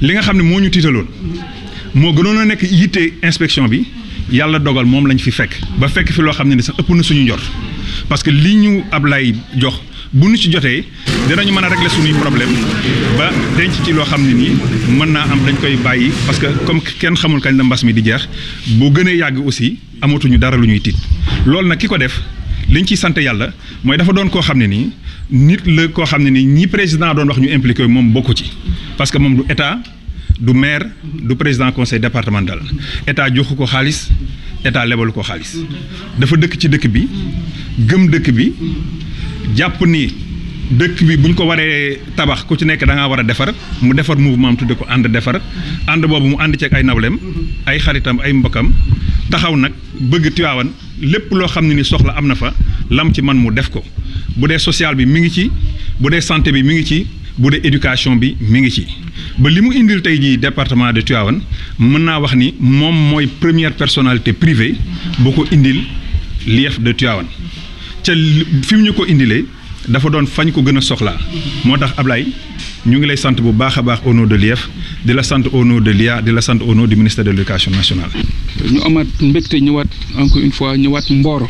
li nga xam ne moo ñu tiitaloon moo gënoon a nekk yitte inspection bi yàlla dogal moom lañ fi fekk ba fekk fi loo xam ne ni sax ëpp na suñu njort parce que li ñu ab Ablaye jox bu ñu ci jotee dinañu mën a régler suñuy problème ba denc ci loo xam ne nii mën naa am dañ koy bàyyi parce que comme kenn xamul kañ la mbas mi di jeex bu gënee yàgg aussi amatuñu dara lu ñuy tiit loolu nag ki ko def liñ ciy sant yàlla mooy dafa doon koo xam ne nii. nit la koo xam ne ni ñi président doon wax ñu impliqué moom bokku ci parce que moom du état du maire du président conseil départemental état joxu ko xaalis état lebalu ko xaalis dafa dëkk ci dëkk bi gëm dëkk bi jàpp ni dëkk bi bu ñu ko waree tabax ku ci nekk da ngaa war a defar mu defar mouvement am tudde ko ànd defar ànd boobu mu ànd ceeg ay nawleem ay xaritam ay mbokkam taxaw nag bëgg Tiwaawan lépp loo xam ne ni soxla am na fa lam ci man mu def ko bu dee social bi mi ngi ci bu dee santé bi mi ngi ci bu dee éducation bi mi ngi ci ba li mu indil tey jii département de Tivaouane mën naa wax ni moom mooy première personnalité privée bu ko indil l'IEF de Tivaouane ca fi mu ñu ko indilee dafa doon fañ ko gën a soxlaa moo tax Ablaye ñu ngi lay sant bu baax a baax au nom de l'IEF di la sant au nom de l'IA di la sant au nom du ministère de l'éducation nationale. ñu amaat mbégte ñëwaat encore fois ñëwaat Mboro.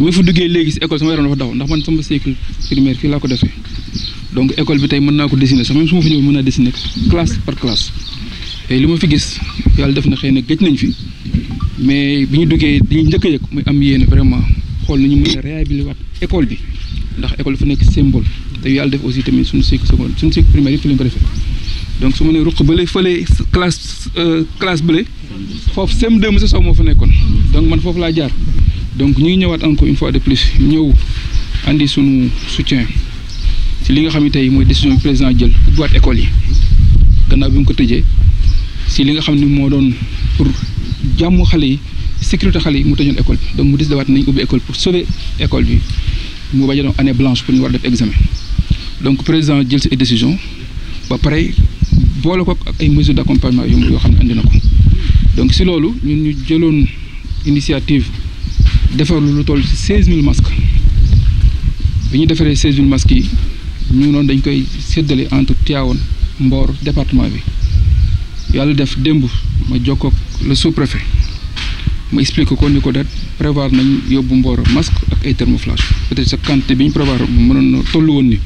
bu ma fi duggee léegi si école sama yaram dafa daw ndax man sama cycle primaire fii laa ko defee donc école bi tey mën naa ko dessiner sax même su ma fi ñëw par classe tey li ma fi gis yàlla def na xëy na gëj nañ fi mais bi ñu duggee dañuy njëkk a muy am yéene vraiment xool nañu mën a réhabiliter waat école bi ndax école dafa nekk symbole te yàlla def aussi tamit suñu cycle secondaire suñu cycle primaire yi fi lañ ko defee donc su ma nee ruq bële fële classe euh, classe bële foofu sem deux monsieur Sow moo fa nekkoon donc man foofu laa jaar donc ñu ñëwaat encore une fois de plus ñëw andi sunu soutien ci li nga xam ne tey mooy décision bi président jël ubbiwaat école yi gannaaw bi mu ko tëjee si li nga xam ne moo doon pour jàmm xale yi sécurité xale yi mu tëjoon école bi donc mu décidé waat nañu ubbi école pour sauver école bi mu bañ doon année blanche pour ñu war def examen donc président jël si décision ba pare boole ko ak ay mesures d' accompagnement yoo xam ne andi na ko donc si loolu ñun ñu jëloon initiative. defar lu toll ci seize mille masques bi ñu defaree seize mille masques yi ñu noonu dañ koy séddale entre Tivaouane mboor département bi yàlla def démb ma jokkoog le sous-préfet ma explique ko ni ko dat prévoir nañ yóbbu Mbor masque ak ay thermoflash peut-être sa quantité bi ñu prévoir mënoon na tollu woon ni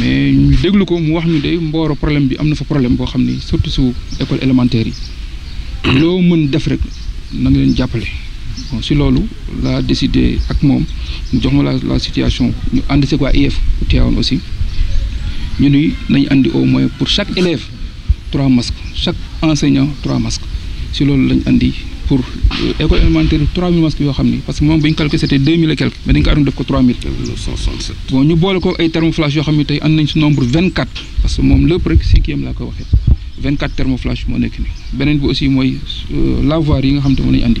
mais ñu déglu ko mu wax ñu de Mboro problème bi am na fa problème boo xam ni surtout su école élémentaire yi loo mën def rek na nga leen jàppale bon, si lolu la décidé ak mom ñu jox la, la situation ñu andi ce quoi IF tiawon aussi ñu ni nañ andi au moins pour chaque élève 3 masques chaque enseignant 3 masques si lolu lañ andi pour euh, école élémentaire 3000 masques yo xamni parce que mom buñ calculer c'était 2000 et quelques mais dañ ko arrondi def ko 3000 1967 bon ñu bolé ko ay thermoflash yo xamni tay and nañ ci nombre 24 parce que mom le rek 5e la ko waxé 24 thermoflash mo nek ni benen bi aussi moy euh, lavoir yi nga xamni mo nañ andi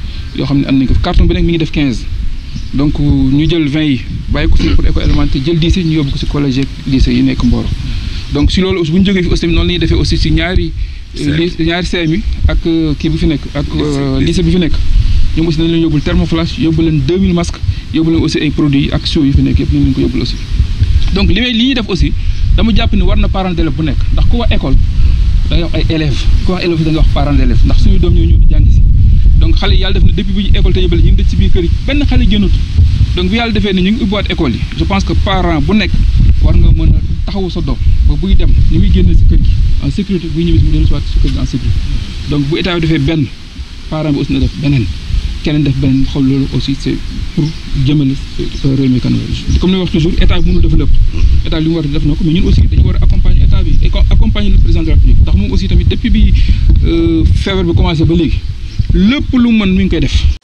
yo xamni ne am nañ ko carton bi nag mi ngi def 15 donc ñu jël 20 yi bàyyi ko pour école élémentaire jël 10 yi ñu yóbbu ko si collège lycée yi nek Mboro donc si lolu aussi bu ñu jógee fi aussi non la défé aussi ci ñaari. Euh, li ñaari CM ak euh, ki bu fi nek ak euh, lycée bi fi nek ñu aussi nañu yobul thermoflash yóbbu leen 2000 masques yóbbu leen aussi ay produits yi ak siw yi fi nek yépp ñu leen ko yobul aussi donc li may li ñi def aussi dama japp ni war na parent d'élève bu nek ndax ku wa école da ngay wax ay élèves ku wa élèves da nga wax parent d'élève ndax suñu doom ñoo ñu di jàngi donc xale yalla def na depuis bu école tëjee ba léegi ñu dëj ci biir kër yi benn xale génnatu donc bu yalla défé ni ñu ngi ubbiwaat école yi je pense que parent bu nek war nga mëna a taxawu sa doom ba buy dem ni muy génne si kër gi en sécurité buy ñëwee si mu dellu ci waat kër gi en sécurité donc bu état bi defee benn parent bi aussi na def benen keneen def benen xool loolu aussi c'est pour jëmale sa réew mi kanam comme ni wax toujours état bi mënul def lepp état li mu war def nako mais ñun aussi dañu war accompagner état bi accompagner le président de la République tax mom aussi tamit depuis bi euh, feebar bi commencé ba légui lépp lu mën mi koy def